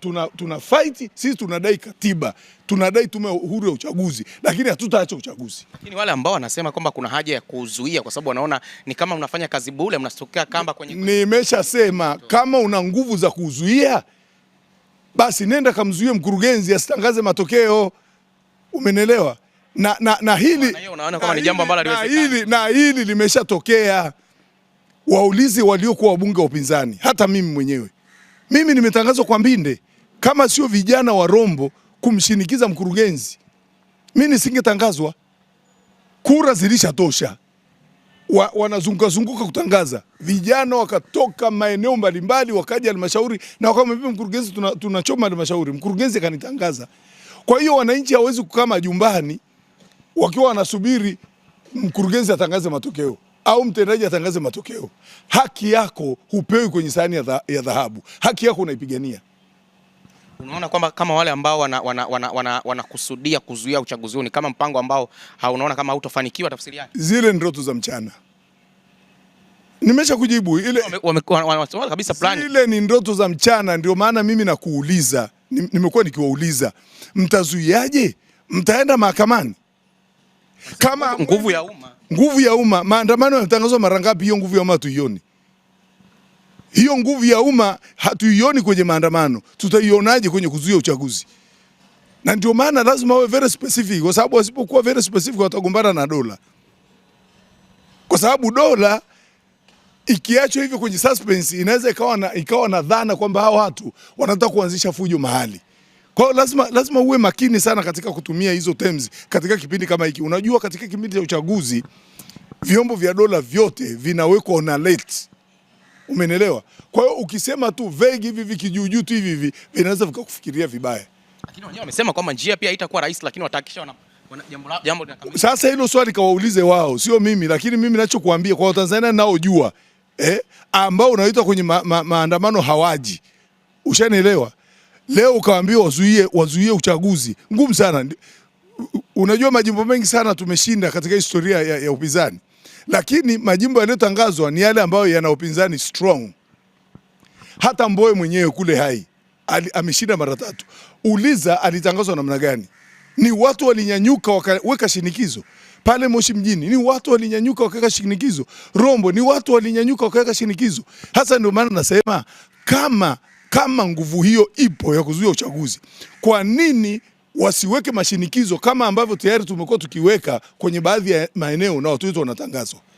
tuna, tuna fight sisi, tunadai katiba, tunadai tume uhuru ya uchaguzi, lakini hatutaacha uchaguzi. Lakini wale ambao wanasema kwamba kuna haja ya kuzuia, kwa sababu wanaona ni kama mnafanya kazi bure, mnastokea kamba kwenye. Nimeshasema kama una nguvu za kuzuia, basi nenda kamzuie mkurugenzi asitangaze matokeo, umenelewa? Na, na, na hili na hili limeshatokea. waulizi waliokuwa wabunge wa upinzani, hata mimi mwenyewe mimi nimetangazwa kwa mbinde kama sio vijana wa Rombo kumshinikiza mkurugenzi, mimi nisingetangazwa. Kura zilishatosha, wa, wanazungukazunguka kutangaza. Vijana wakatoka maeneo mbalimbali wakaja halmashauri na wakamwambia mkurugenzi, tunachoma tuna halmashauri. Mkurugenzi akanitangaza. Kwa hiyo wananchi hawezi kukaa majumbani wakiwa wanasubiri mkurugenzi atangaze matokeo au mtendaji atangaze matokeo. Haki yako hupewi kwenye sahani ya dhahabu, haki yako unaipigania. Unaona kwamba kama wale ambao wanakusudia wana, wana, wana, wana kuzuia uchaguzi huu ni kama mpango ambao haunaona kama hautofanikiwa, tafsiri yake? Zile ndoto za mchana nimesha kujibu ile, wame, wame, wame, kabisa plani. Zile ni ndoto za mchana, ndio maana mimi nakuuliza, nimekuwa nikiwauliza mtazuiaje? Mtaenda mahakamani kama nguvu ya umma, nguvu ya umma. Maandamano yametangazwa mara ngapi? Hiyo nguvu ya umma tuioni hiyo nguvu ya umma hatuioni kwenye maandamano, tutaionaje kwenye kuzuia uchaguzi? Na ndio maana lazima awe very specific, kwa sababu wasipokuwa very specific watagombana na dola, kwa sababu dola ikiachwa hivyo kwenye suspense inaweza ikawa na, ikawa na dhana kwamba hao watu wanataka kuanzisha fujo mahali. Kwa hiyo lazima, lazima uwe makini sana katika kutumia hizo terms katika kipindi kama hiki. Unajua, katika kipindi cha uchaguzi vyombo vya dola vyote vinawekwa on alert. Umenelewa? Kwa hiyo ukisema tu vague hivi vikijuujuu tu hivi hivi vinaweza vikakufikiria vibaya. Lakini wenyewe wamesema kwamba njia pia haitakuwa rahisi, lakini watahakikisha wana sasa hilo swali kawaulize wao, sio mimi. Lakini mimi ninachokuambia kwa Watanzania naojua eh, ambao unaitwa kwenye ma, ma, maandamano hawaji, ushanielewa? Leo ukaambiwa wazuie, wazuie uchaguzi, ngumu sana. Unajua majimbo mengi sana tumeshinda katika historia ya, ya upinzani lakini majimbo yanayotangazwa ni yale ambayo yana upinzani strong. Hata Mboe mwenyewe kule Hai ameshinda mara tatu. Uliza alitangazwa namna gani? Ni watu walinyanyuka wakaweka shinikizo pale Moshi mjini ni watu walinyanyuka wakaweka shinikizo. Rombo ni watu walinyanyuka wakaweka shinikizo. Hasa ndio maana nasema kama kama nguvu hiyo ipo ya kuzuia uchaguzi, kwa nini wasiweke mashinikizo kama ambavyo tayari tumekuwa tukiweka kwenye baadhi ya maeneo na watu wetu wanatangazwa.